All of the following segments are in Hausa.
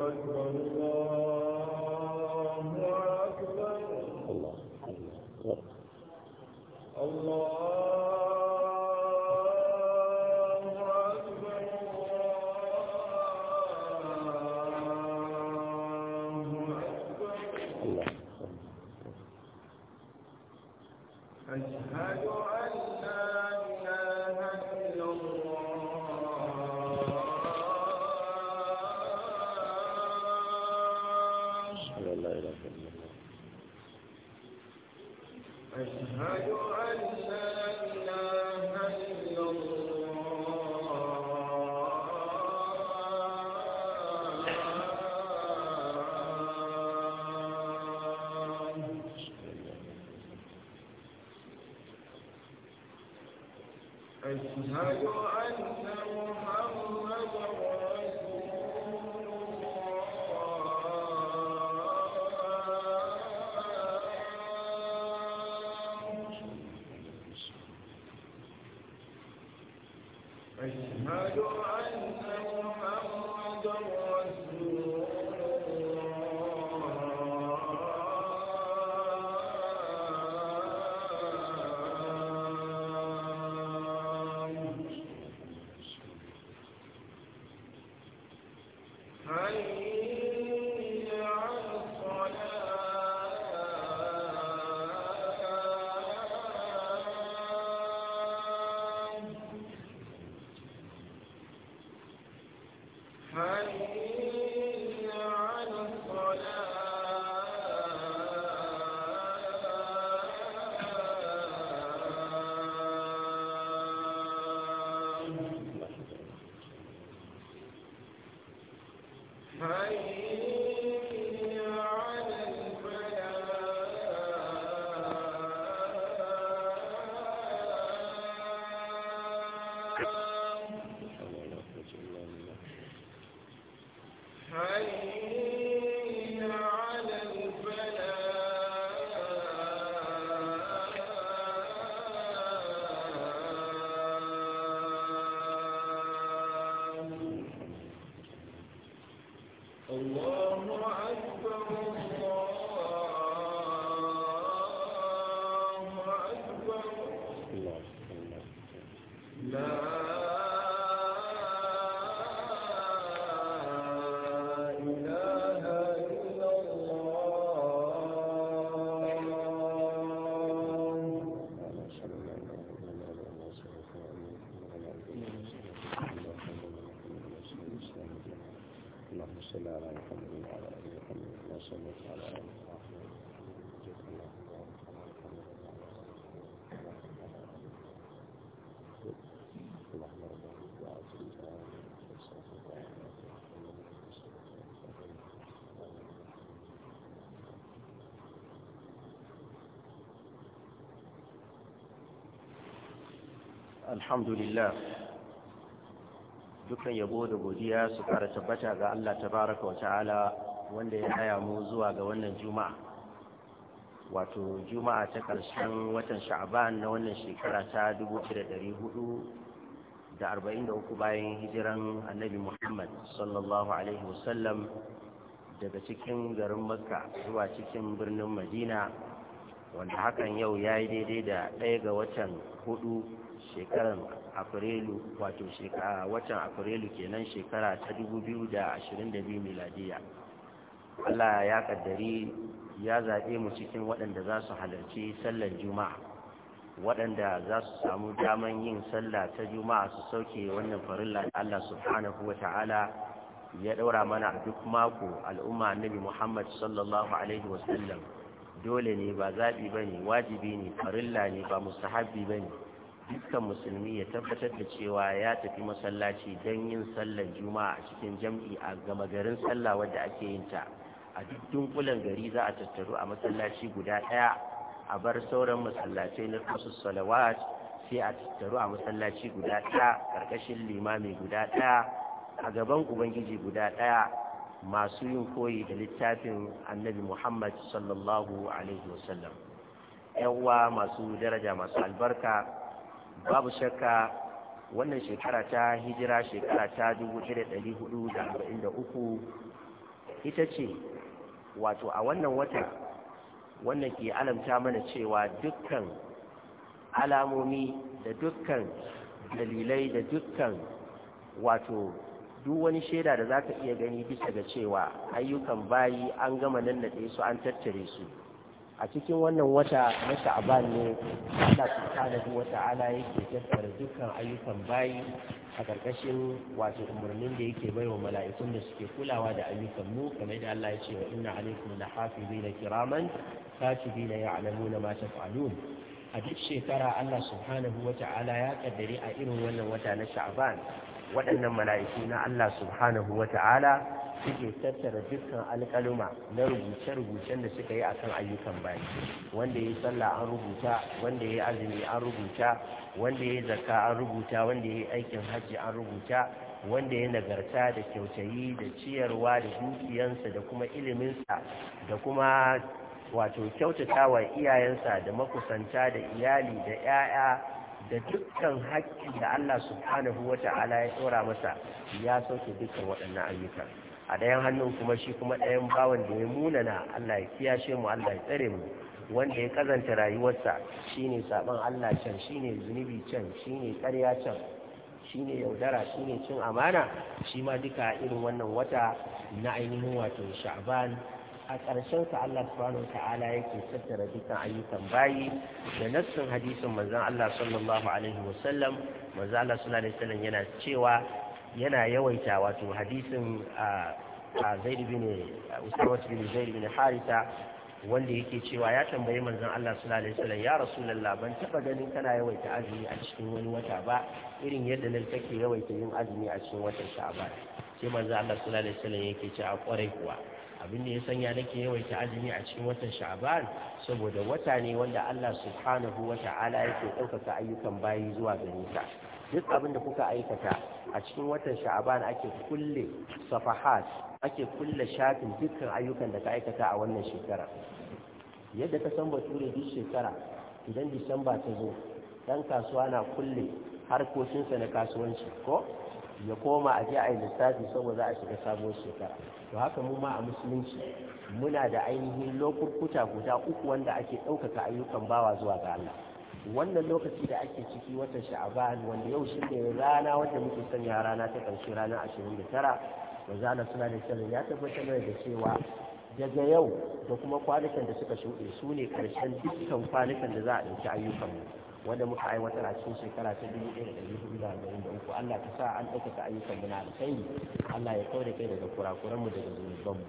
أكبر الله من الحمد لله dukkan yabo da godiya su kara tabbata ga Allah wa ta'ala wanda ya haya mu zuwa ga wannan juma'a wato juma'a ta ƙarshen watan sha'ban na wannan shekara ta 1443 bayan hijiran annabi muhammad sallallahu alaihi wasallam daga cikin garin makka zuwa cikin birnin madina wanda hakan yau ya yi daidai da ɗaya ga watan hudu shekarar afrilu wato watan afrilu kenan shekara ta 2022 miladiya Allah ya kaddari ya zaɓe mu cikin waɗanda za su halarci sallar juma'a waɗanda za su samu daman yin sallah ta juma'a su sauke wannan farilla da Allah subhanahu wata'ala ya ɗaura mana a duk mako al'umma nabi Muhammad sallallahu alaihi wasallam dole ne ba zaɓi ba ne wajibi ne farilla ne ba mustahabbi ba ne dukkan musulmi ya tabbatar da cewa ya tafi masallaci don yin sallar juma'a a cikin jam'i a gama garin sallah wadda ake yin ta a duk dunkulen gari za a tattaru a masallaci guda ɗaya a bar sauran masallacai na kusa salawat sai a tattaru a masallaci guda ɗaya ƙarƙashin limami guda ɗaya a gaban ubangiji guda ɗaya masu yin koyi da littafin annabi muhammad sallallahu alaihi wasallam uwa masu daraja masu albarka babu shakka wannan shekara ta hijira shekara ta 1443 ita ce wato a wannan wata wannan ke alamta mana cewa dukkan alamomi da dukkan dalilai da dukkan wato duk wani shaida da za ka iya gani bisa ga cewa ayyukan bayi an gama nan da su an tattare su a cikin wannan wata na sha'aban ne Allah subhanahu wata ta'ala yake tattara dukkan ayyukan bayi a ƙarƙashin wato umarnin da yake bai wa mala'ikun da suke kulawa da ayyukan mu kamar da Allah ya ce wa inna alaikum la hafizina kiraman katibina ya'lamuna ma taf'alun a duk shekara Allah subhanahu wata'ala ya kaddare a irin wannan wata na Sha'ban waɗannan mala'iku na Allah subhanahu wata'ala suke tattara dukkan alƙaluma na rubuce-rubucen da suka yi a kan ayyukan bayi wanda ya yi sallah an rubuta wanda ya yi azumi an rubuta wanda ya yi zakka an rubuta wanda ya yi aikin hajji an rubuta wanda ya nagarta da kyautayi da ciyarwa da dukiyansa da kuma iliminsa da kuma wato kyautata wa iyayensa da makusanta da iyali da 'ya'ya da dukkan haƙƙi da Allah subhanahu wa ta'ala ya tsora masa ya sauke dukkan waɗannan ayyukan. a ɗayan hannun kuma shi kuma ɗayan bawan da ya munana Allah ya kiyashe mu Allah ya tsare mu wanda ya kazanta rayuwarsa shine saban Allah can shine zunubi can shine ƙarya can shine yaudara shine cin amana shi ma duka irin wannan wata na ainihin wato sha'ban a ƙarshen sa Allah subhanahu ta'ala yake tattara dukkan ayyukan bayi da nassin hadisin manzon Allah sallallahu alaihi wasallam manzon Allah sallallahu alaihi wasallam yana cewa yana yawaita wato hadisin a zaid bin usama bin zaid bin harita wanda yake cewa ya tambayi manzon Allah sallallahu alaihi wasallam ya rasulullah ban taba ganin kana yawaita azumi a cikin wani wata ba irin yadda nan take yawaita yin azumi a cikin watan sha'ban sai manzon Allah sallallahu alaihi wasallam yake cewa kwarai kuwa abin da ya sanya nake yawaita azumi a cikin watan sha'ban saboda wata ne wanda Allah subhanahu wata'ala yake ɗaukaka ayyukan bayi zuwa gare ka duk abin da kuka aikata a cikin watan sha'aban ake kulle safahat ake kulle shafin dukkan ayyukan da ka aikata a wannan shekara yadda ka san bature duk shekara idan disamba ta zo dan kasuwa na kulle harkokinsa na kasuwanci ko ya koma a je a yi lissafi saboda za a shiga sabuwar shekara to haka mu ma a musulunci muna da ainihin lokuta guda uku wanda ake ɗaukaka ayyukan bawa zuwa ga Allah wannan lokaci da ake ciki watan sha'aban wanda yau shi ne rana wanda muke sanya rana ta ƙarshe rana ashirin da tara manzo Allah suna da sirri ya tabbatar da cewa daga yau da kuma kwanukan da suka shuɗe su ne ƙarshen dukkan kwanukan da za a ɗauki ayyukanmu wanda muka aiwatar a cikin shekara ta dubu ɗaya da ɗari hudu da arba'in da uku Allah ka sa an ɗaukaka ayyukanmu na alkhairi Allah ya kawo da kai daga kurakuranmu daga zunubanmu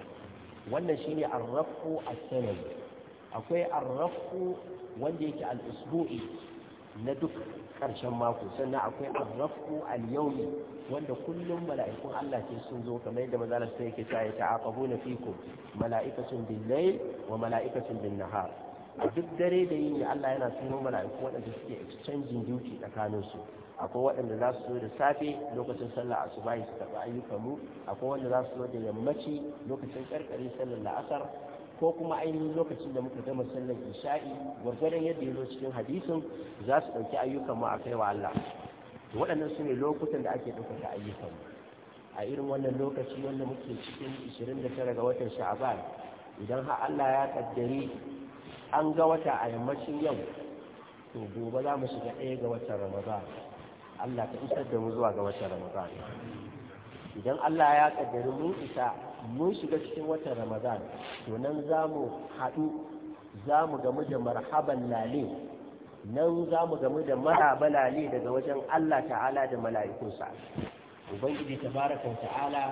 wannan shine arrafu a sanayi akwai arrafu wanda yake al-usbu'i na duk ƙarshen mako sannan akwai arrafku al wanda kullum mala'ikun Allah ke sun zo kamar yadda mazalar sai yake ta ta'aqabu na fikum mala'ikacin bil layl wa mala'ikatun bin nahar a duk dare da yin Allah yana sunan mala'iku waɗanda suke exchanging duty tsakanin su akwai waɗanda za su zo da safe lokacin sallah asuba su taɓa ayyukan mu akwai wanda za su zo da yammaci lokacin karkare sallar la'asar ko kuma ainihin lokacin da muka gama sallar isha'i gwargwadon yadda ya zo cikin hadisin za su ɗauki ayyukan mu a kai wa Allah waɗannan su ne lokutan da ake ɗaukaka ayyukan mu a irin wannan lokaci wanda muke cikin 29 ga watan sha'aban idan har Allah ya kaddari an ga wata a yammacin yau to gobe za mu shiga ɗaya ga watan ramadan Allah ka isar da mu zuwa ga watan ramadan idan Allah ya kaddari mu isa mun shiga cikin watan ramadan to nan za mu haɗu za mu gamu da marhaban lale nan za mu gamu da maraba lale daga wajen allah ta'ala da mala'ikunsa ubangiji baraka ta'ala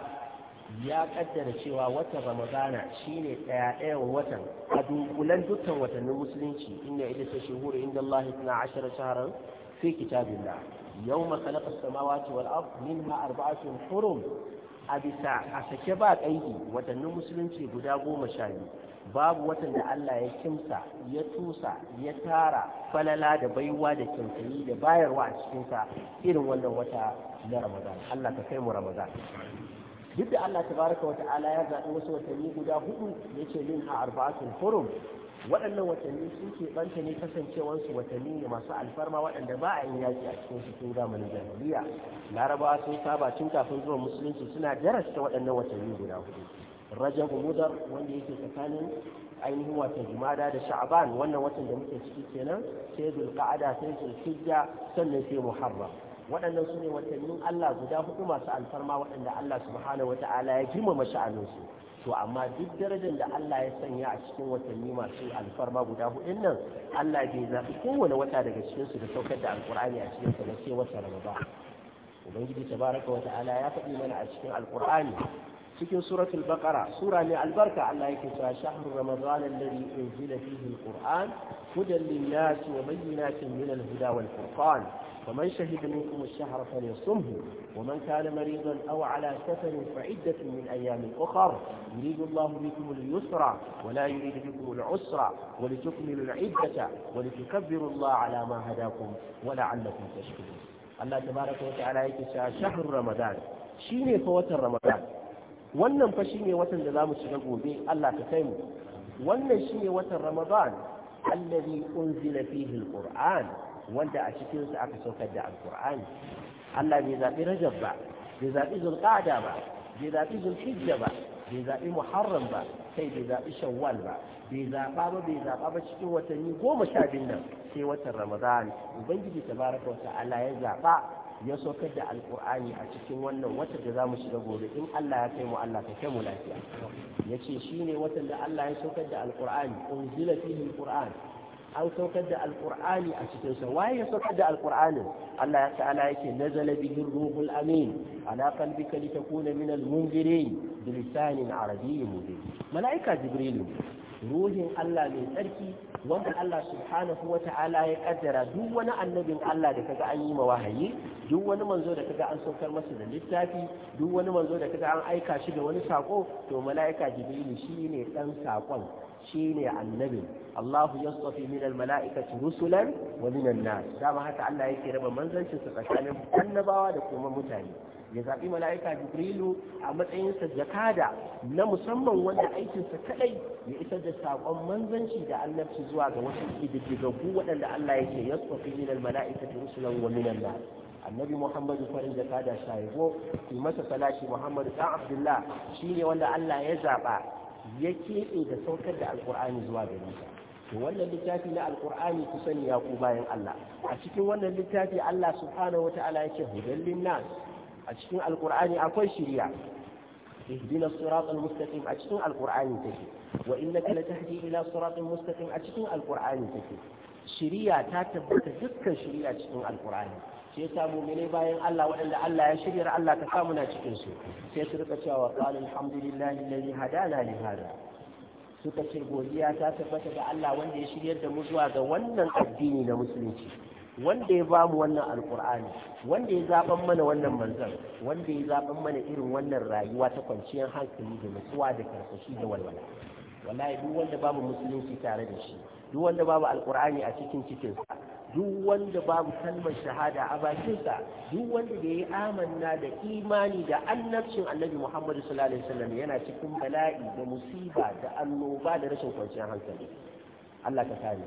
ya kaddara cewa watan ramadana shine daya ɗayan watan a dunkulen dukkan watannin musulunci inna ila ta shuhuru inda Allah ya ashara shaharar fi kitabillah yawma khalaqa as-samawati wal ard minha arba'atun hurum a bisa a sake ba ƙaidi watannin musulunci guda goma sha biyu babu watan da Allah ya kimsa ya tusa ya tara falala da baiwa da kyautayi da bayarwa a cikinsa irin wannan wata na ramadan Allah ka kai mu ramadan duk da Allah tabaraka wa ta'ala ya zaɓi wasu watanni guda hudu ya ce min a arba'atul hurum waɗannan watanni sun ke ɓanta ne kasancewarsu watanni ne masu alfarma waɗanda ba a yin yaƙi a cikin cikin zamanin jahiliya larabawa sun saba tun kafin zuwan musulunci suna darasta waɗannan watanni guda hudu rajab mudar wanda yake tsakanin ainihin wata jumada da sha'ban wannan watan da muke ciki kenan sai zulqa'ada sai zulhijja sannan sai muharram waɗannan su ne watannin Allah guda hudu masu alfarma waɗanda Allah subhanahu wata'ala ya girmama su to amma duk darajar da Allah ya sanya a cikin watanni masu alfarma guda hudun nan Allah bai zaɓi kowane wata daga cikin su da saukar da alkur'ani a cikin sa na sai wata ramadan ubangiji tabaraka wa ta'ala ya faɗi mana a cikin alkur'ani cikin suratul baqara sura mai albarka Allah yake cewa shahru ramadan alladhi unzila fihi alquran hudan lin-nas wa bayyinatin min al-huda wal-furqan faman shahida minkum ash-shahra falyasumhu waman kana maridan aw ala safarin fa'iddatun min ayamin ukhra yuridu Allahu bikum al-yusra wa la yuridu bikum al-usra wa litukmilu al-iddata wa litukabbiru Allah ala ma hadakum wa la'allakum tashkurun Allah tabaaraka wa ta'ala yake cewa shahru ramadan shine fa watan ramadan wannan fa ne watan da za mu shiga gobe Allah ka kai mu wannan shine watan Ramadan alladhi unzila fihi alquran wanda a cikin sa aka saukar da alqur'ani Allah bai zabi Rajab ba bai zabi Zulqa'da ba bai zabi Zulhijja ba bai zaɓi muharram ba sai bai zaɓi shawwal ba bai zaɓa ba bai zaɓa ba cikin watanni goma sha biyun nan sai watan ramadan ubangiji ta tabaraka wa Allah ya zaɓa ya saukar da Alƙur'ani a cikin wannan watan da za mu shiga gobe in Allah ya kai mu Allah ka kai mu lafiya ya ce shi ne watan da Allah ya saukar da alkur'ani unzila fihi alkur'an an saukar da Alƙur'ani a cikin sa waye ya saukar da alqur'anin Allah ya ta'ala yake nazala bihi ruhul amin ala qalbika litakuna min almunzirin bilisanin arabiyyin mubin malaika jibril ruhin Allah mai tsarki wanda Allah subhanahu wa ta'ala ya ƙaddara duk wani annabin Allah da kaga an yi ma wahayi duk wani manzo da kaga an saukar masa da littafi duk wani manzo da kaga an aika shi da wani sako to mala'ika jibrilu shine dan sakon shine annabin Allahu yastafi min almala'ikati rusulan wa min an-nas dama haka Allah yake raba manzancinsa tsakanin annabawa da kuma mutane ya zaɓi mala'ika jibrilu a matsayinsa jakada na musamman wanda aikinsa kaɗai ya isar da saƙon manzanci da annabci zuwa ga wasu ƙididdigaggu waɗanda Allah yake yasfafi min al-mala'ikati rusulan wa min an annabi muhammad farin jakada shaibo ki masa salashi muhammad dan abdullah ne wanda Allah ya zaɓa ya keɓe da saukar da alƙur'ani zuwa gare nisa. to wannan littafi na alkur'ani ku sani ya ku bayan Allah a cikin wannan littafi Allah subhanahu wataala yake hudan linnas a cikin alqur'ani akwai shiriya ihdina siratal mustaqim a cikin alkurani take wa innaka latahdi ila siratal mustaqim a cikin alqur'ani take shiriya ta tabbata dukkan shiriya cikin alkur'ani sai ta mu'mine bayan Allah waɗanda Allah ya shirya Allah ka samu na cikin su sai su rika cewa qala alhamdulillahi alladhi hadana li hada suka ce godiya ta tabbata ga Allah wanda ya shiryar da mu zuwa ga wannan addini na musulunci wanda ya bamu wannan alkur'ani wanda ya zaban mana wannan manzan wanda ya zaban mana irin wannan rayuwa ta kwanciyar hankali da nutsuwa da karkashi da walwala wallahi duk wanda babu musulunci tare da shi duk wanda babu alkur'ani a cikin cikinsa duk wanda babu kalmar shahada a sa duk wanda da yi amanna da imani da annabcin annabi Muhammad sallallahu alaihi wasallam yana cikin bala'i da musiba da annoba da rashin kwanciyar hankali Allah ka kare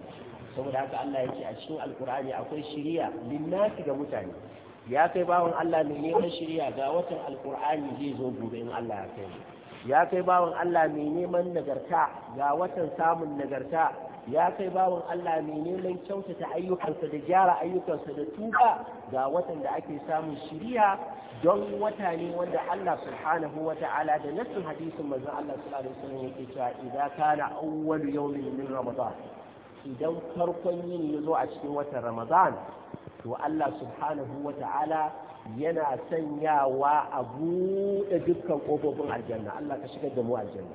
saboda haka Allah yake a cikin alkur'ani akwai shiriya linnasi ga mutane ya kai bawan Allah mai neman shiriya ga watan alkur'ani zai zo gobe in Allah ya kai ya kai bawan Allah mai neman nagarta ga watan samun nagarta ya kai bawan Allah mai neman kyautata ayyukansa da gyara ayyukansa da tuba ga watan da ake samun shiriya don wata ne wanda Allah subhanahu wa ta'ala da nassin hadisin manzon Allah sallallahu alaihi wasallam yake cewa idza kana awwal yawmin min ramadan idan farkon yin ya zo a cikin watan ramadan to Allah subhanahu wa ta'ala yana sanyawa a buɗe dukkan ƙofofin aljanna Allah ka shigar da mu aljanna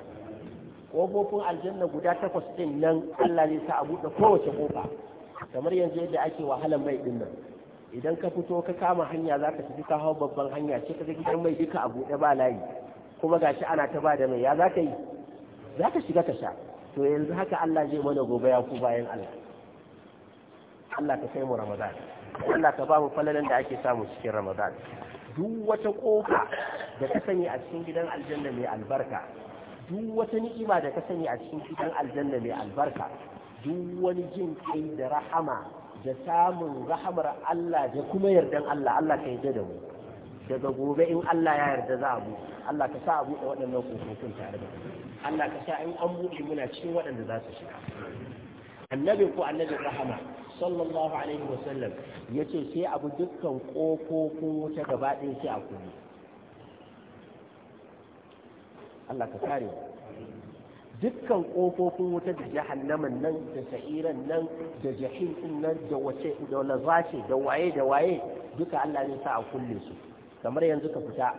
ƙofofin aljanna guda takwas ɗin nan Allah ne sa a buɗe kowace ƙofa kamar yanzu yadda ake wahalar mai ɗin idan ka fito ka kama hanya za ka tafi ka hau babban hanya ce ka ga gidan mai duka a buɗe ba layi kuma gashi ana ta ba da mai ya za ka yi za ka shiga ka sha to yanzu haka Allah zai mana gobe ya ku bayan Allah Allah ka kai mu Ramadan Allah ka ba mu falalan da ake samu cikin Ramadan duk wata kofa da ka sani a cikin gidan aljanna mai albarka duk wata ni'ima da ka sani a cikin gidan aljanna mai albarka duk wani jin kai da rahama da samun rahamar Allah da kuma yardan Allah Allah ka yarda da mu daga gobe in Allah ya yarda za a buɗe Allah ka sa a buɗe waɗannan kofofin tare da Allah ka sa in an buɗe muna cikin waɗanda za su shiga Annabi ko Annabi rahama sallallahu alaihi wasallam ya ce sai abu dukkan ƙofofin wuta gaba ɗaya sai a kuɗi Allah ka kare dukkan ƙofofin wuta da jahannaman nan da sa'iran nan da jahim nan da wace da lazace da waye da waye duka Allah ne sa a kulle su kamar yanzu ka fita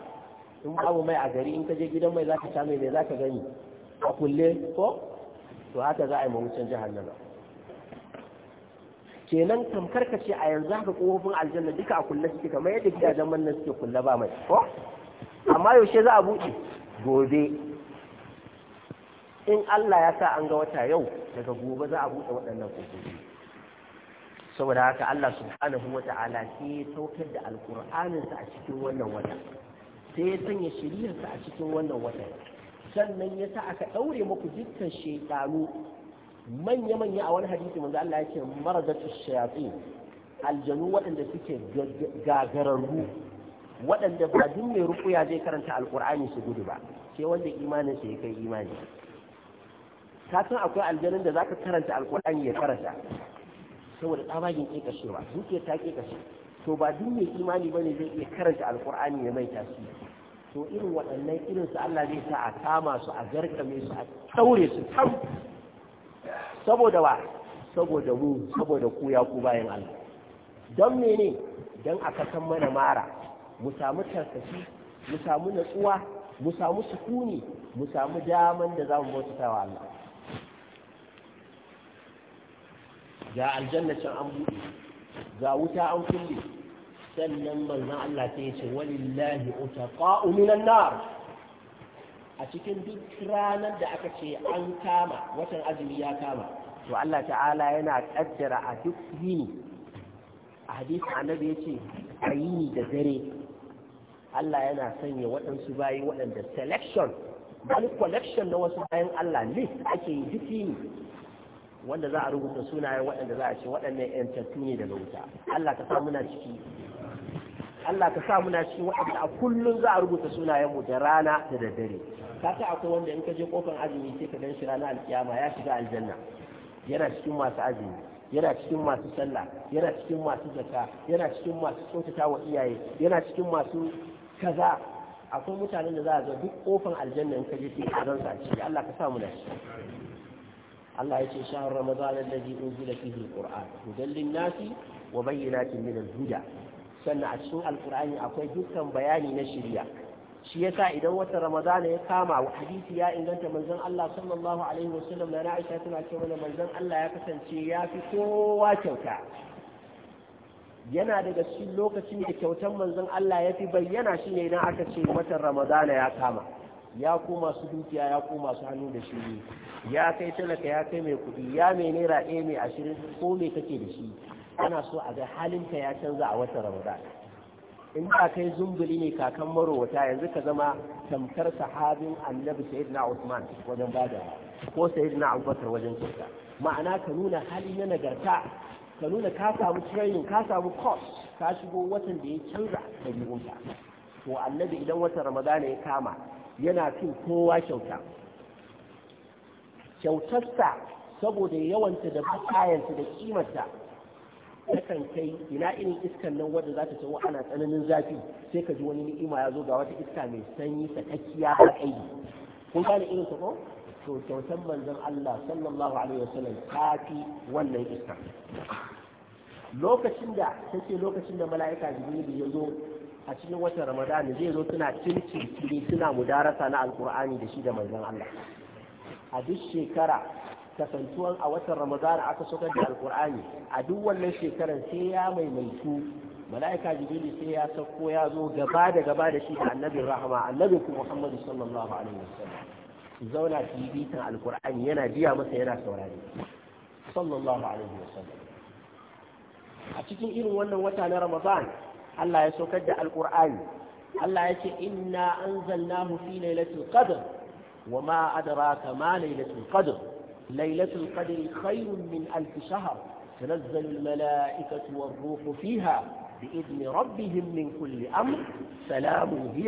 in babu mai a gari in ka je gidan mai zaka sha mai mai za gani a kulle ko to haka za a yi mawucin jahannama kenan tamkar ka ce a yanzu haka kofofin aljanna duka a kulle suke kamar yadda gidajen mannan suke kulle ba mai ko amma yaushe za a buɗe gobe in Allah ya sa an ga wata yau daga gobe za a buɗe waɗannan kofofi saboda haka Allah subhanahu wa ta'ala sai ya saukar da alƙur'aninsa a cikin wannan wata sai ya sanya shiriyarsa a cikin wannan wata sannan ya sa aka ɗaure muku dukkan shekaru manya-manya a wani hadisi manzo Allah ya ce maradatu shayatin aljanu waɗanda suke gagararru waɗanda ba duk mai rukuya zai karanta alƙur'ani su gudu ba sai wanda imaninsa ya kai imani ka san akwai aljanun da zaka karanta alƙur'ani ya karanta saboda tsabagen kekashewa zuciyar ta kekashe to ba duk mai imani ba ne zai iya karanta alkur'ani ya mai tasiri to irin waɗannan irin su Allah zai sa a kama su a garkame su a taure su tam saboda wa saboda mu saboda ku ya ku bayan Allah don mene don a san mana mara mu samu tarkaci mu samu natsuwa mu samu sukuni mu samu daman da za mu bautata wa Allah ga aljanna can an buɗe ga wuta an kulle sannan manzon Allah ta ya ce walillahi utaqa'u minan nar a cikin duk ranar da aka ce an kama watan azumi ya kama to Allah ta'ala yana kaddara a duk yini a hadisi annabi yace a yini da dare Allah yana sanya waɗansu bayi waɗanda selection wani collection na wasu bayan Allah list ake yi duk yini wanda za a rubuta sunayen waɗanda za a ce waɗannan yantattu ne daga wuta Allah ka sa muna ciki Allah ka sa muna cikin waɗanda a kullum za a rubuta sunayen mu da rana da daddare ka ta akwai wanda in ka je kofar azumi sai ka gan shi ranar alkiyama ya shiga aljanna yana cikin masu azumi yana cikin masu sallah yana cikin masu zakka yana cikin masu kyautata wa iyaye yana cikin masu kaza akwai mutanen da za a zo duk kofar aljanna in ka je sai ka gansa a ciki Allah ka sa muna ciki Allah ya ce shahar Ramadan alladhi unzila fihi alquran hudan linnasi wa bayyinatin min alhuda sannan a cikin alqur'ani akwai dukkan bayani na shari'a shi yasa idan wata ramadana ya kama hadisi ya inganta manzon Allah sallallahu alaihi wasallam na Aisha tana ce mana manzon Allah ya kasance ya fi kowa kyauta yana daga cikin lokacin da kyautar manzon Allah ya fi bayyana shine idan aka ce watan ramadana ya kama ya koma su dukiya ya ko masu hannu da shi ya kai talaka ya kai mai kuɗi ya mai naira ɗaya mai ashirin ko mai kake da shi ana so a ga halinka ya canza a watan ramadan in ba kai zumbuli ne kakan marowata yanzu ka zama tamkar sahabin annabi sayyidina usman wajen bada ko sayyidina abubakar wajen kyauta ma'ana ka nuna hali na nagarta ka nuna ka samu training ka samu course ka shigo watan da ya canza ɗabi'unka to annabi idan watan ramadana ya kama yana cin kowa kyauta kyautarsa saboda yawanta da kayanta da kimarta takan kai ina irin iskan nan wadda za ta tawo ana tsananin zafi sai ka ji wani ni'ima ya zo ga wata iska mai sanyi sakakkiya ba kai kun gane irin ko to kyautar manzon Allah sallallahu alaihi wasallam ta fi wannan iska lokacin da ta ce lokacin da mala'ika jibril ya zo a cikin watan Ramadani zai zo suna cin cinciri suna mudarasa na alkur'ani da shi da manzon Allah a duk shekara kasantuwan a watan Ramadani aka sokar da alkur'ani a duk wannan shekaran sai ya maimaitu mala'ika jibril sai ya sauko ya zo gaba da gaba da shi da annabin rahama annabin ku muhammadu sallallahu alaihi wasallam zauna bibitan alkur'ani yana biya masa yana saurari sallallahu alaihi wasallam a cikin irin wannan wata na ramadan Allah ya saukar da alqur'ani Allah ya ce inna anzalnahu fi lailatul qadr wama adraka ma lailatul qadr lailatul qadri khayrun min alf shahr تنزل الملائكة والروح فيها بإذن ربهم من كل أمر سلام هي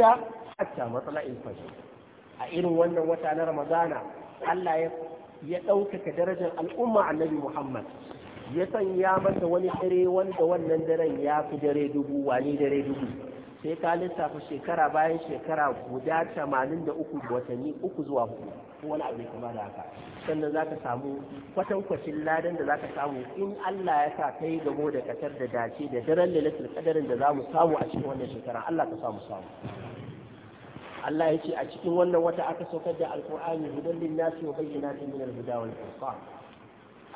حتى مطلع الفجر أئن ون وتعالى رمضان ألا يدوكك درجة الأمة عن النبي محمد ya san ya mata wani dare wanda wannan daren ya fi dare dubu wani dare dubu sai ka lissafa shekara bayan shekara guda tamanin da uku watanni uku zuwa hudu ko wani abu kama da haka sannan za ka samu kwatankwacin ladan da za ka samu in Allah ya sa kai gabo da katar da dace da daren lalatul kadarin da za mu samu a cikin wannan shekara Allah ka samu samu Allah ya ce a cikin wannan wata aka saukar da alkur'ani hudallin linnasi wa bayyinatin min al-huda wal furqan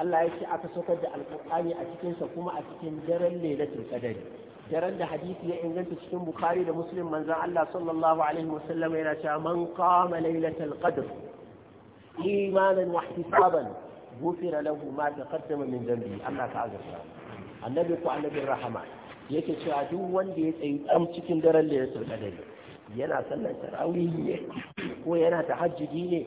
Allah ya ce aka sokar da alƙur'ani a cikinsa kuma a cikin daren lailatul qadari daren da hadisi ya inganta cikin bukhari da muslim manzon Allah sallallahu alaihi wasallam yana cewa man qama lailatul qadr imanan wa ihtisaban ghufira lahu ma taqaddama min dhanbi Allah ta azza annabi ku annabi rahama yake cewa duk wanda ya tsayi tsam cikin daren lailatul qadari yana sallar tarawih ne ko yana tahajjudi ne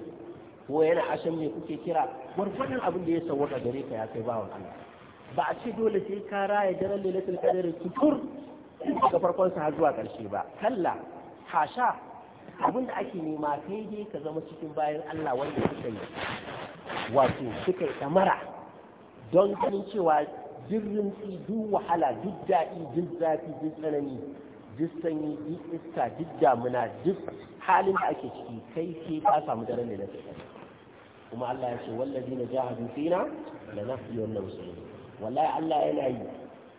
ko yana ashan me kuke kira gwargwadon abin da ya sawwaka gare ka ya kai bawon Allah ba a ce dole sai ka raya daren lailatul qadr tutur daga farkon sa har zuwa karshe ba kalla hasha abin da ake nema kai dai ka zama cikin bayan Allah wanda suka yi wato suka yi don ganin cewa jirgin du wahala duk daɗi duk zafi duk tsanani duk sanyi duk iska duk damuna duk halin da ake ciki kai sai ka samu daren da na kuma Allah ya ce wallazi na jahadu fina la nahyi wannan musulmi wallahi Allah yana yi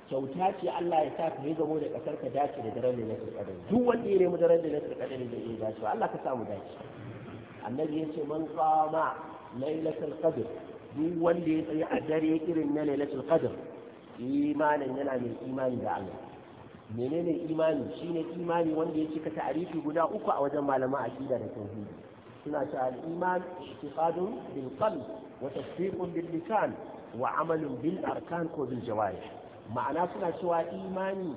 kyauta ce Allah ya sa ka yi gamo da kasar ka dace da daren da nasir kadari duk wanda ya nemi daren da nasir kadari da iya dace Allah ka samu dace annabi ya ce man qama lailatul qadr duk wanda ya tsaya a dare irin na lailatul qadr imanin yana mai imani da Allah menene imani shine imani wanda ya cika ta'arifi guda uku a wajen malaman aqida da tauhidi suna ta al'iman ihtifadun bil qalb wa tasdiqun bil lisan wa amalin bin arkan ko bin jawarih ma'ana suna cewa imani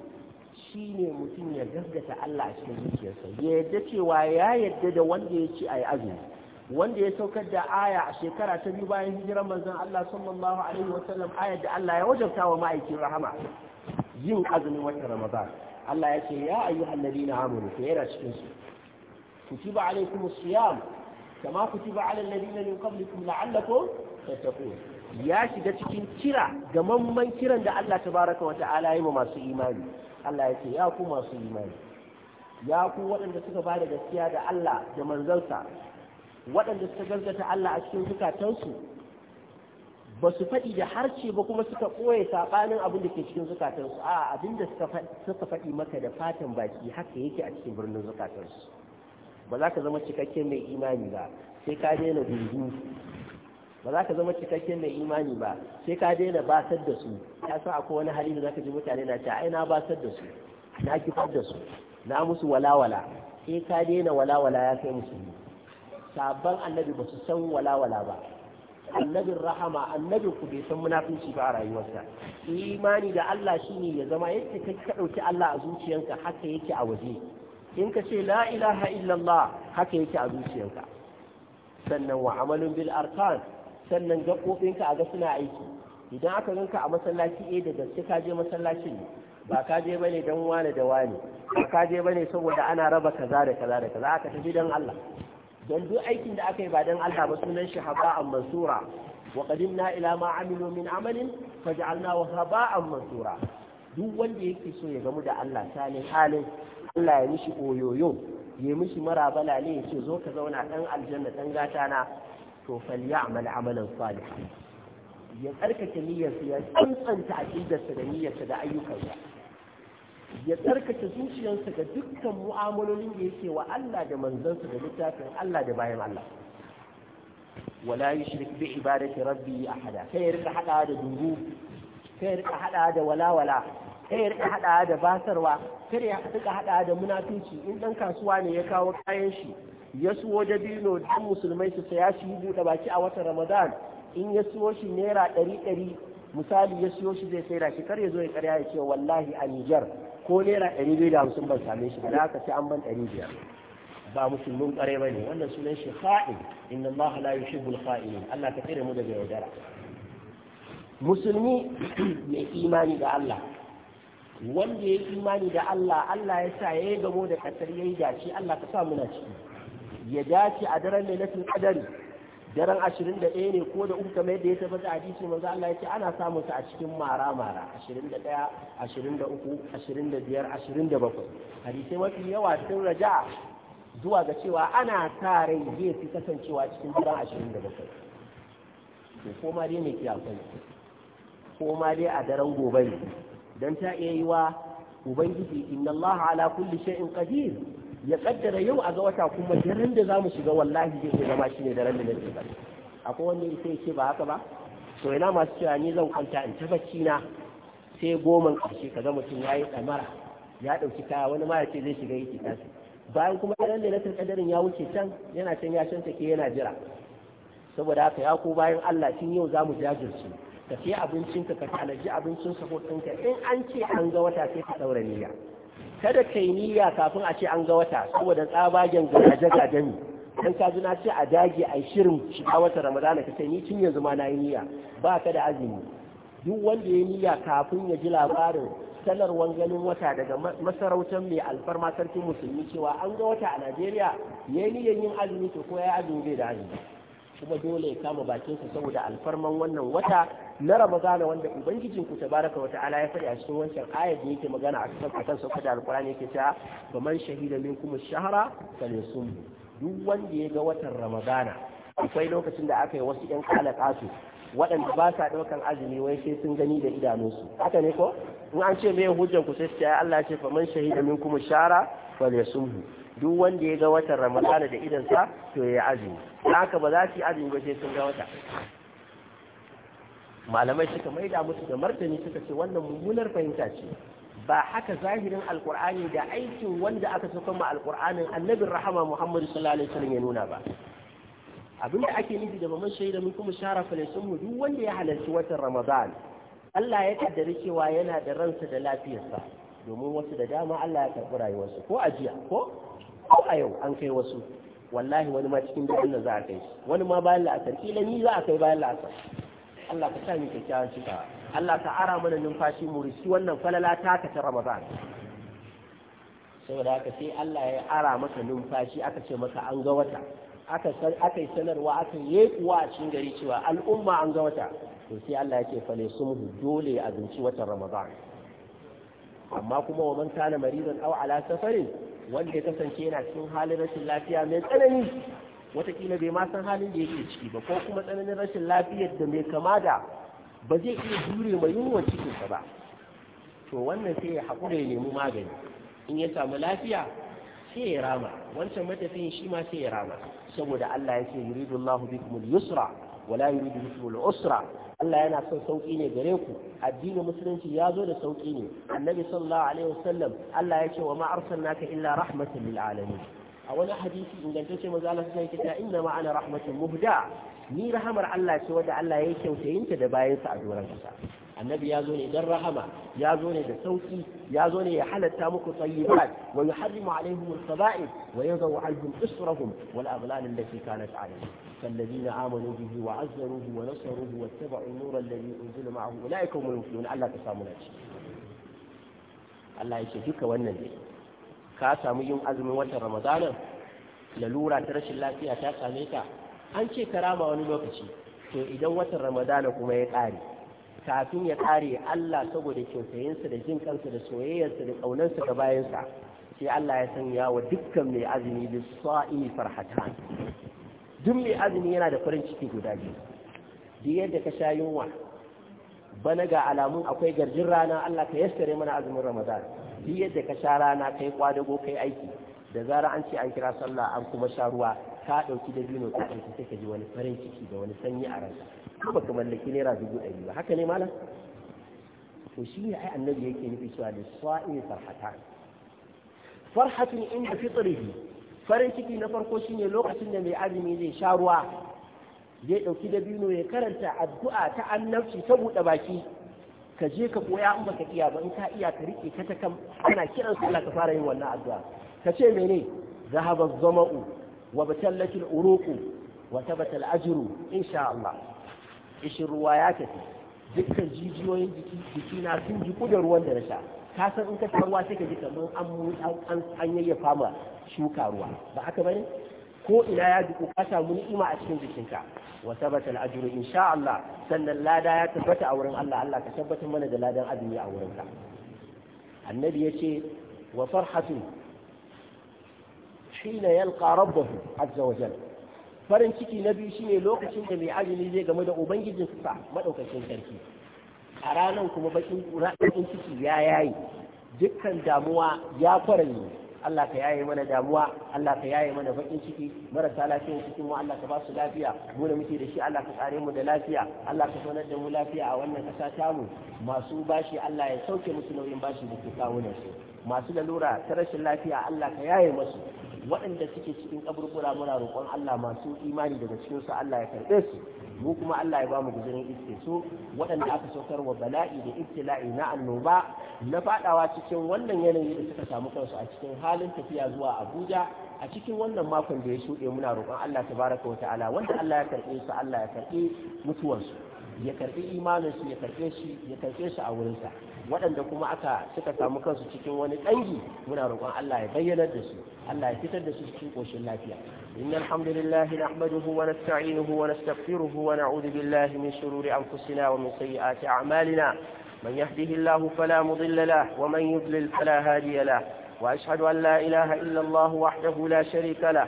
shine mutum ya gaskata Allah a cikin zuciyarsa ya yadda cewa ya yadda da wanda ya ce ayi azumi wanda ya saukar da aya a shekara ta biyu bayan hijiran manzon Allah sallallahu alaihi wa sallam ayar da Allah ya wajabta wa ma'aikin rahama yin azumin watan Ramadan Allah ya ce ya ayyuhal ladina amanu to yana cikin su kutiba alaikumus siyam kama kutiba ala alladhina min qablikum la'allakum tattaqun ya shiga cikin kira ga mamman kiran da Allah tabaraka wa ta'ala ya masu imani Allah ya ya ku masu imani ya ku waɗanda suka ba da gaskiya da Allah da manzansa waɗanda suka gaskata Allah a cikin zukatansu ba su faɗi da harce ba kuma suka ɓoye saɓanin abin da ke cikin zukatansu A'a abinda da suka faɗi maka da fatan baki haka yake a cikin birnin zukatansu ba za ka zama cikakke mai imani ba sai ka daina dubu ba za ka zama cikakke mai imani ba sai ka daina basar da su ya san akwai wani hali da za ka ji mutane na ta aina na basar da su na kifar da su na musu walawala sai eh, ka daina walawala ya kai musulmi sabon annabi ba su san walawala ba annabin rahama annabin ku bai san munafunci ba a rayuwarsa imani da Allah shine ya zama yadda ka ɗauki Allah a zuciyanka haka yake a waje in ka ce la ilaha illallah haka yake a zuciyarka sannan wa amalin bil arkan sannan gaɓoɓinka a ga suna aiki idan aka ganka a masallaci eh da gaske ka je masallacin ne ba ka je bane dan wane da wane ba ka je bane saboda ana raba kaza da kaza da kaza aka tafi dan Allah dan duk aikin da aka yi ba dan Allah ba sunan shi haba'an mansura wa qadimna ila ma amilu min amalin wa haba'an mansura duk wanda yake so ya gamu da Allah ne halin Allah ya mishi oyoyo ya mishi mara lale ya ce zo ka zauna dan aljanna ɗan gata na to falyamal amalan salih ya tsarkake niyyarsa ya tsantsanta aqidarsa da niyyarsa da ayyukansa ya tsarkake zuciyarsa ga dukkan mu'amalolin da yake wa Allah da manzansa da littafin Allah da bayan Allah wala yushrik bi ibadati rabbi ahada kai rika hada da dungu kai rika hada da walawala sai ya rika hada da basarwa sai ya rika hada da munafici in dan kasuwa ne ya kawo kayan shi ya suwo da dino dan musulmai su saya shi da baki a watan ramadan in ya siyo shi naira ɗari ɗari misali ya siyo shi zai saida shi kar ya zo ya karya ya ce wallahi a Nijar ko naira ɗari biyu da hamsin ban same shi ba da haka sai an ban ɗari biyar ba musulmin ƙwarai ba ne wannan sunan shi fa'in inna allaha la yushibbu al Allah ka tsare mu daga yaudara musulmi mai imani ga Allah wanda ya imani da Allah Allah ya sa ya gamo da kasar yi dace Allah ka sa muna ciki ya dace a daren lailatul qadari daren 21 ne ko da uku kamar yadda ya tabbata hadisi manzo Allah ya ce ana samun sa a cikin mara mara 21 23 25 27 hadisi mafi yawa sun raja zuwa ga cewa ana sa rai zai fi kasancewa cikin daren 27 ko ma dai ne ke ko ma dai a daren gobe ne dan ta iya yi wa ubangiji inna Allah ala kulli shay'in qadir ya kaddara yau a ga wata kuma daren da zamu shiga wallahi zai zama shine daren da nake ba akwai wanda yake ce ba haka ba to ina masu cewa ni zan kwanta in ta bacci na sai goman ƙarshe kaga mutum yayi damara ya ɗauki kaya wani ma yace zai shiga yake kasu. bayan kuma ɗan da nasar ƙadarin ya wuce can yana can ya shanta ke yana jira saboda haka ya ko bayan Allah tun yau za mu jajirce ka sai abincinka ka tanaji abincin sahur ɗinka in an ce an ga wata sai ka saura niyya kada ka yi niyya kafin a ce an ga wata saboda tsabagen gaje gaje ne dan ka ji na ce a dage a shirin shiga wata ramadana ka sai ni tun yanzu ma na yi niyya ba ka da azumi duk wanda ya niyya kafin ya ji labarin sanarwar ganin wata daga masarautar mai alfarma sarkin musulmi cewa an ga wata a najeriya ya yi niyyar yin azumi to ko ya yi azumi bai da azumi kuma dole ya kama bakinsa saboda alfarman wannan wata na ramadana wanda ubangijin ku tabaraka wa ta'ala ya faɗi a cikin wancan ayat da yake magana a cikin akan sauka da alqur'ani yake cewa faman shahida minkum ash-shahra falyasum duk wanda ya ga watan ramadana akwai lokacin da aka yi wasu yan kalaka su waɗanda ba sa ɗaukan azumi wai sai sun gani da idanunsu haka ne ko in an ce me hujjan ku sai Allah ya ce faman shahida minkum ash-shahra sumbu. duk wanda ya ga watan ramadana da idansa to ya yi azumi haka ba za su yi azumi ba sai sun ga wata malamai suka maida musu da martani suka ce wannan mummunar fahimta ce ba haka zahirin alkur'ani da aikin wanda aka saka ma alkur'anin annabin rahama muhammadu sallallahu alaihi wasallam ya nuna ba abin da ake nufi da maman shaida mun kuma shara falaisun duk wanda ya halarci watan ramadan Allah ya da cewa yana da ransa da lafiyarsa domin wasu da dama Allah ya karɓi rayuwarsu ko a jiya ko ko a yau an kai wasu wallahi wani ma cikin dukkan da za a kai wani ma bayan la'asar kila ni za a kai bayan la'asar Allah ka sa mu kyakkyawan cika Allah ka ara mana numfashi mu rishi wannan falala ta ka ta Ramadan saboda haka sai Allah ya ara maka numfashi aka ce maka an ga wata aka san aka yi sanarwa aka yi kuwa a cikin gari cewa al'umma an ga wata to sai Allah ya fale su mu dole a azumci watan Ramadan amma kuma wa man kana maridan aw ala safarin wanda ya kasance yana cikin halin rashin lafiya mai tsanani watakila bai ma san halin da yake ciki ba ko kuma tsananin rashin lafiyar da mai kama da ba zai iya jure mai yunwar cikinsa ba to wannan sai ya haƙura ya nemi magani in ya samu lafiya sai ya rama wancan matafiyin shi ma sai ya rama saboda Allah ya ce yuridullahu bikumul yusra wala usra Allah yana son sauki ne gare ku addinin musulunci ya zo da sauki ne annabi sallallahu Allah ya ce wa ma arsalnaka illa rahmatan lil alamin a wani hadisi ingantacce manzo Allah sai ya ce inna ma rahmatun muhda ni rahamar Allah ce wanda Allah ya yinta da bayansa a doron kasa annabi ya zo ne don rahama ya zo ne da sauki ya zo ne ya halatta muku tayyibat wa yuharrimu alaihim al-saba'id wa yadhu anhum israhum wal aghlal allati kanat alaihim فالذين آمنوا به وعزروه ونصروه واتبعوا النور الذي أنزل معه أولئك هم المفلحون الله تسامنا Allah ya ce duka wannan ne ka samu yin azumin watan ramadanin lalura ta rashin lafiya ta same ka an ce ka rama wani lokaci to idan watan Ramadana kuma ya ƙare kafin ya kare Allah saboda kyautayinsa da jin kansa da soyayyarsa da ƙaunarsa da bayansa sai Allah ya sanya wa dukkan mai azumi da sa'imi farhata duk mai azumi yana da farin ciki guda biyu da yadda ka sha yunwa bana ga alamun akwai garjin rana Allah ka yassare mana azumin Ramadan Da yadda ka sha rana kai kwadago kai aiki da zara an ce an kira sallah an kuma sha ruwa ka ɗauki da biyu ka ɗauki sai ka ji wani farin ciki da wani sanyi a ransa ko baka mallaki naira dubu ɗari ba haka ne malam to shi ne ai annabi yake nufi cewa da sa'i farhata farhatun inda fitrihi farin ciki na farko shine lokacin da mai azumi zai sha ruwa zai dauki dabino ya karanta addu'a ta annabci ta buɗe baki ka je ka koya in baka iya ba in ka iya ka rike ka ta kan ana kiran sallah ka fara yin wannan addu'a ka ce mene zahaba zama'u wa batallati al-uruqu wa tabata ajru insha Allah ishin ruwa ya tafi dukkan jijiyoyin jiki na sun jiku da ruwan da na sha ka san in ka sha ruwa sai ka ji kamar an an yayyafa ma shuka ruwa ba haka bane ko ina ya jiku ka samu ni'ima a cikin jikinka wa sabata al-ajru insha Allah sannan lada ya tabbata a wurin Allah Allah ka tabbatar mana da ladan azumi a wurinka annabi yace wa shi hina yalqa rabbahu azza wa jalla farin ciki na biyu shine lokacin da mai azumi zai game da ubangijin sa maɗaukacin sarki a ranar kuma bakin ciki ya yayi dukkan damuwa ya kwaranye Allah ka yaye mana damuwa Allah ka yaye mana bakin ciki marasa lafiya cikin mu Allah ka ba su lafiya mu da muke da shi Allah ka tsare mu da lafiya Allah ka sanar da mu lafiya a wannan kasa tamu masu bashi Allah ya sauke musu nauyin bashi da ke kawo su masu lalura ta rashin lafiya Allah ka yaye musu waɗanda suke cikin kaburbura muna roƙon Allah masu imani daga cikin su Allah ya karɓe su mu kuma Allah ya bamu mu iske su waɗanda aka saukar wa bala'i da ibtila'i na annoba na fadawa cikin wannan yanayi da suka samu kansu a cikin halin tafiya zuwa Abuja a cikin wannan makon da ya shuɗe muna roƙon Allah tabaraka wa ta'ala wanda Allah ya karɓe su Allah ya karɓe mutuwansu. ya karɓi imaninsu ya karɓe shi ya karɓe su a wurinsa waɗanda kuma aka saka samu kansu cikin wani ɗangi muna roƙon Allah ya bayyana da su Allah ya fitar da su cikin ƙoshin lafiya innal hamdulillah nahmaduhu wa nasta'inuhu wa nastaghfiruhu wa na'udhu billahi min shururi anfusina wa min sayyiati a'malina من يهده الله فلا مضل له ومن يضلل فلا هادي له واشهد ان لا اله الا الله وحده لا شريك له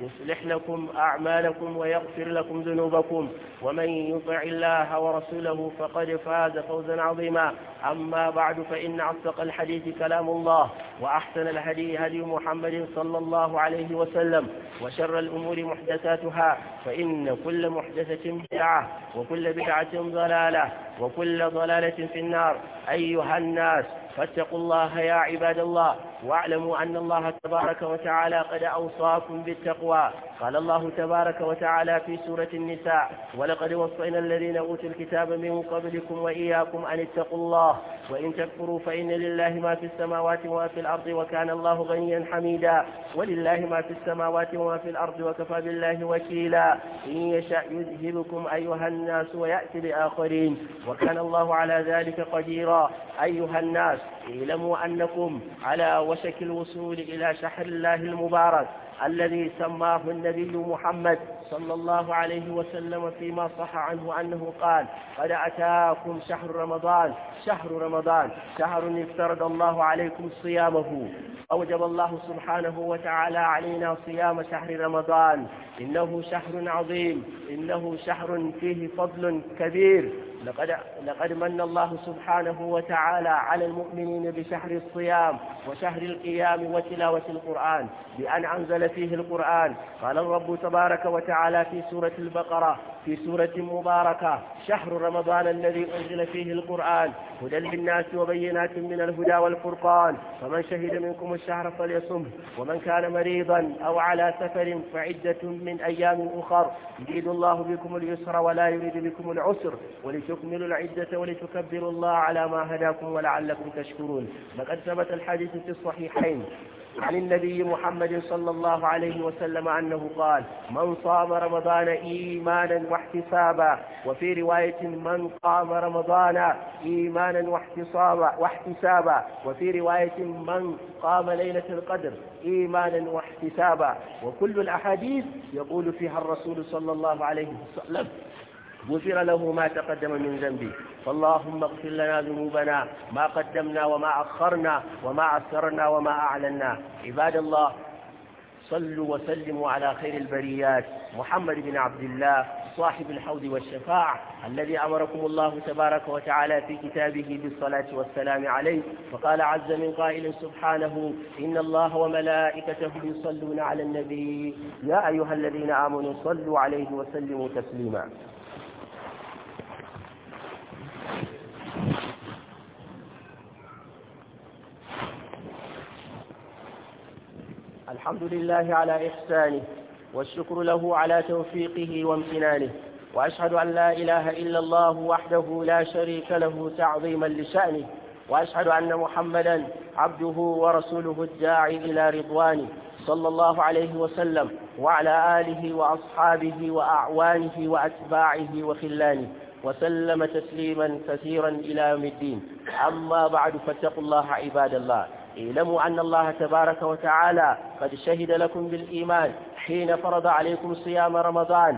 يصلح لكم أعمالكم ويغفر لكم ذنوبكم ومن يطع الله ورسوله فقد فاز فوزا عظيما أما بعد فإن أصدق الحديث كلام الله وأحسن الهدي هدي محمد صلى الله عليه وسلم وشر الأمور محدثاتها فإن كل محدثة بدعة وكل بدعة ضلالة وكل ضلالة في النار أيها الناس فاتقوا الله يا عباد الله واعلموا أن الله تبارك وتعالى قد أوصاكم بالتقوى قال الله تبارك وتعالى في سورة النساء ولقد وصينا الذين أوتوا الكتاب من قبلكم وإياكم أن اتقوا الله وإن تكفروا فإن لله ما في السماوات وما في الأرض وكان الله غنيا حميدا ولله ما في السماوات وما في الأرض وكفى بالله وكيلا إن يشأ يذهبكم أيها الناس ويأتي بآخرين وكان الله على ذلك قديرا أيها الناس اعلموا أنكم على وشك الوصول إلى شحر الله المبارك الذي سماه النبي محمد صلى الله عليه وسلم فيما صح عنه أنه قال قد أتاكم شهر رمضان شهر رمضان شهر افترض الله عليكم صيامه أوجب الله سبحانه وتعالى علينا صيام شهر رمضان إنه شهر عظيم إنه شهر فيه فضل كبير لقد لقد من الله سبحانه وتعالى على المؤمنين بشهر الصيام وشهر القيام وتلاوة القرآن بأن أنزل فيه القرآن قال الرب تبارك وتعالى في سورة البقرة في سورة مباركة شهر رمضان الذي أنزل فيه القرآن هدى للناس وبينات من الهدى والفرقان فمن شهد منكم الشهر فليصمه ومن كان مريضا أو على سفر فعدة من أيام أخر يريد الله بكم اليسر ولا يريد بكم العسر ولتكون لتكملوا العدة ولتكبروا الله على ما هداكم ولعلكم تشكرون لقد ثبت الحديث في الصحيحين عن النبي محمد صلى الله عليه وسلم أنه قال من صام رمضان إيمانا واحتسابا وفي رواية من قام رمضان إيمانا واحتسابا واحتسابا وفي رواية من قام ليلة القدر إيمانا واحتسابا وكل الأحاديث يقول فيها الرسول صلى الله عليه وسلم غفر له ما تقدم من ذنبه فاللهم اغفر لنا ذنوبنا ما قدمنا وما أخرنا وما أسررنا وما أعلنا عباد الله صلوا وسلموا على خير البريات محمد بن عبد الله صاحب الحوض والشفاعة الذي أمركم الله تبارك وتعالى في كتابه بالصلاة والسلام عليه فقال عز من قائل سبحانه إن الله وملائكته يصلون على النبي يا أيها الذين آمنوا صلوا عليه وسلموا تسليما الحمد لله على إحسانه والشكر له على توفيقه وامتنانه وأشهد أن لا إله إلا الله وحده لا شريك له تعظيما لشأنه وأشهد أن محمدا عبده ورسوله الداعي إلى رضوانه صلى الله عليه وسلم وعلى آله وأصحابه وأعوانه وأتباعه وخلانه وسلم تسليما كثيرا إلى يوم الدين أما بعد فاتقوا الله عباد الله اعلموا أن الله تبارك وتعالى قد شهد لكم بالإيمان حين فرض عليكم صيام رمضان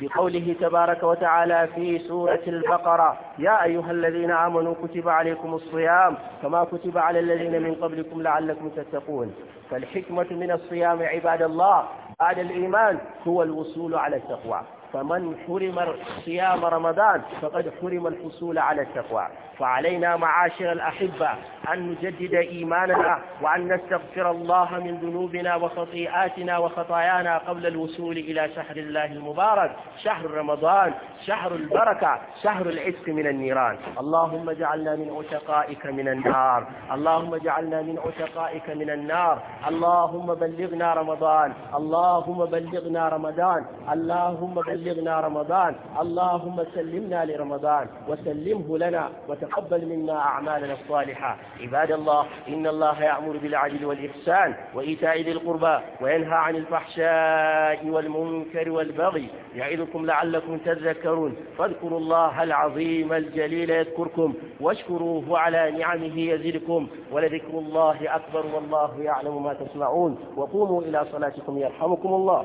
بقوله تبارك وتعالى في سورة البقرة يا أيها الذين آمنوا كتب عليكم الصيام كما كتب على الذين من قبلكم لعلكم تتقون فالحكمة من الصيام عباد الله بعد الإيمان هو الوصول على التقوى فمن حرم صيام رمضان فقد حرم الحصول على التقوى فعلينا معاشر الأحبة أن نجدد إيماننا وأن نستغفر الله من ذنوبنا وخطيئاتنا وخطايانا قبل الوصول إلى شهر الله المبارك شهر رمضان شهر البركة شهر العتق من النيران اللهم اجعلنا من عتقائك من النار اللهم اجعلنا من عتقائك من النار اللهم بلغنا رمضان اللهم بلغنا رمضان اللهم بلغنا بلغنا رمضان اللهم سلمنا لرمضان وسلمه لنا وتقبل منا أعمالنا الصالحة عباد الله إن الله يأمر بالعدل والإحسان وإيتاء ذي القربى وينهى عن الفحشاء والمنكر والبغي يعظكم لعلكم تذكرون فاذكروا الله العظيم الجليل يذكركم واشكروه على نعمه يزدكم ولذكر الله أكبر والله يعلم ما تصنعون وقوموا إلى صلاتكم يرحمكم الله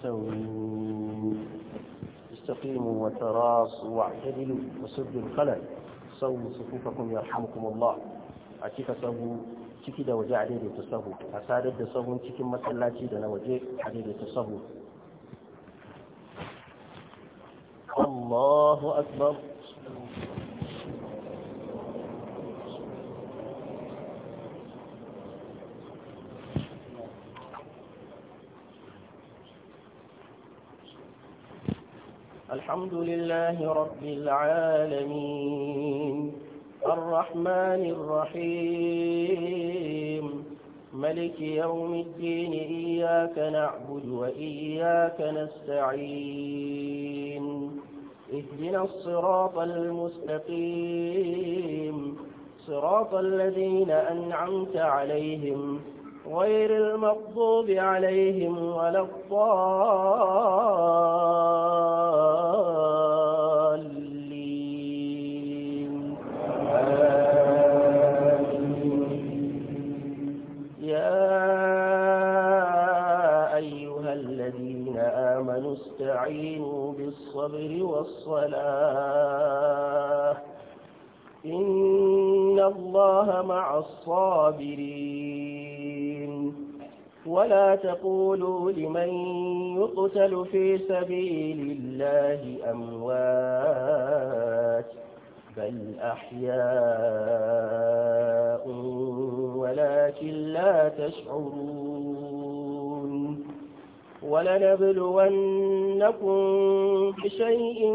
استووا استقيموا وتراصوا واعتدلوا وسدوا الخلل صوموا صفوفكم يرحمكم الله أكيد سووا ciki da waje a daidaita sahu a sadar da sahun cikin masallaci da na waje a daidaita sahu Allahu akbar الحمد لله رب العالمين الرحمن الرحيم ملك يوم الدين إياك نعبد وإياك نستعين اهدنا الصراط المستقيم صراط الذين أنعمت عليهم غير المغضوب عليهم ولا الضالين يا أيها الذين آمنوا استعينوا بالصبر والصلاة إن الله مع الصابرين ولا تقولوا لمن يقتل في سبيل الله أموات بل أحياء ولكن لا تشعرون ولنبلونكم بشيء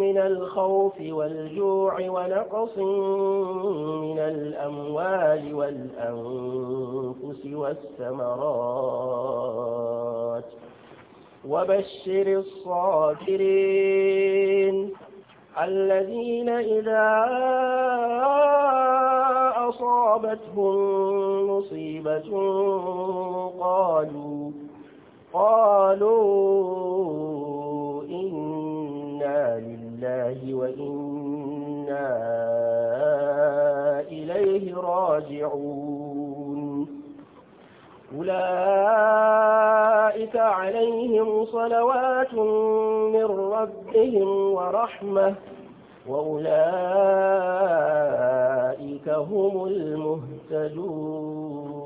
من الخوف والجوع ونقص من الأموال والأنفس والثمرات وبشر الصابرين الذين إذا أصابتهم مصيبة قالوا قالوا إنا لله وإنا إليه راجعون أولئك عليهم صلوات من ربهم ورحمة وأولئك هم المهتدون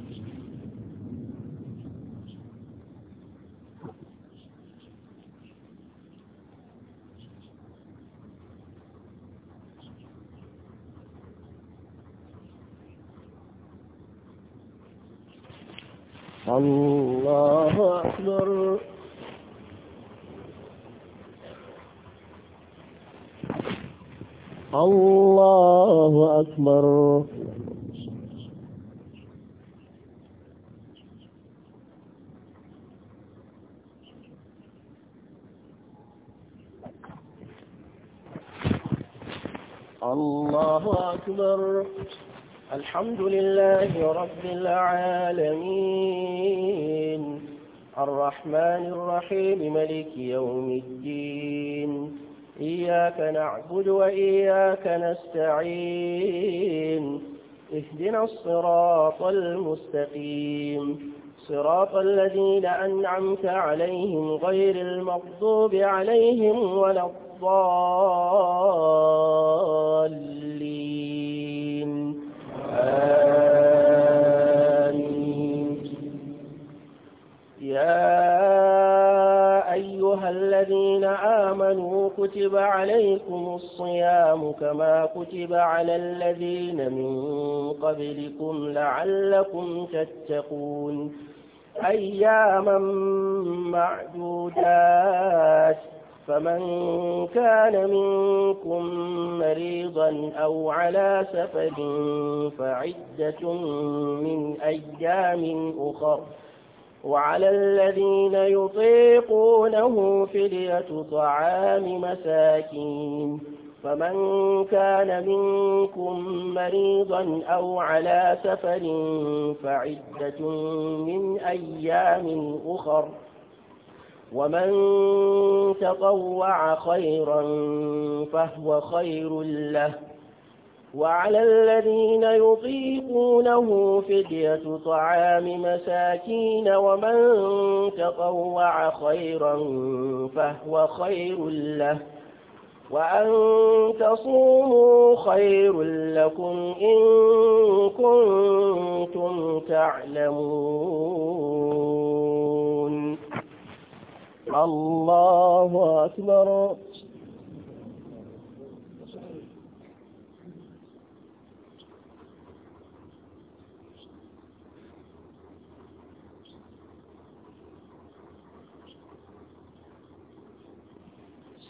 Allahu Akbar. Allahu Akbar. Allahu Akbar. الحمد لله رب العالمين الرحمن الرحيم ملك يوم الدين إياك نعبد وإياك نستعين اهدنا الصراط المستقيم صراط الذين أنعمت عليهم غير المغضوب عليهم ولا الضالين يا أيها الذين آمنوا كتب عليكم الصيام كما كتب على الذين من قبلكم لعلكم تتقون أياما معدودات فمن كان منكم مريضا أو على سفر فعدة من أيام أخر وعلى الذين يطيقونه فدية طعام مساكين فمن كان منكم مريضا أو على سفر فعدة من أيام أخر ومن تطوع خيرا فهو خير له وعلى الذين يطيقونه فدية طعام مساكين ومن تطوع خيرا فهو خير له وأن تصوموا خير لكم إن كنتم تعلمون الله أكبر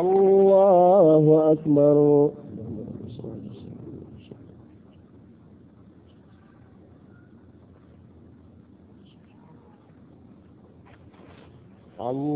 الله أكبر الله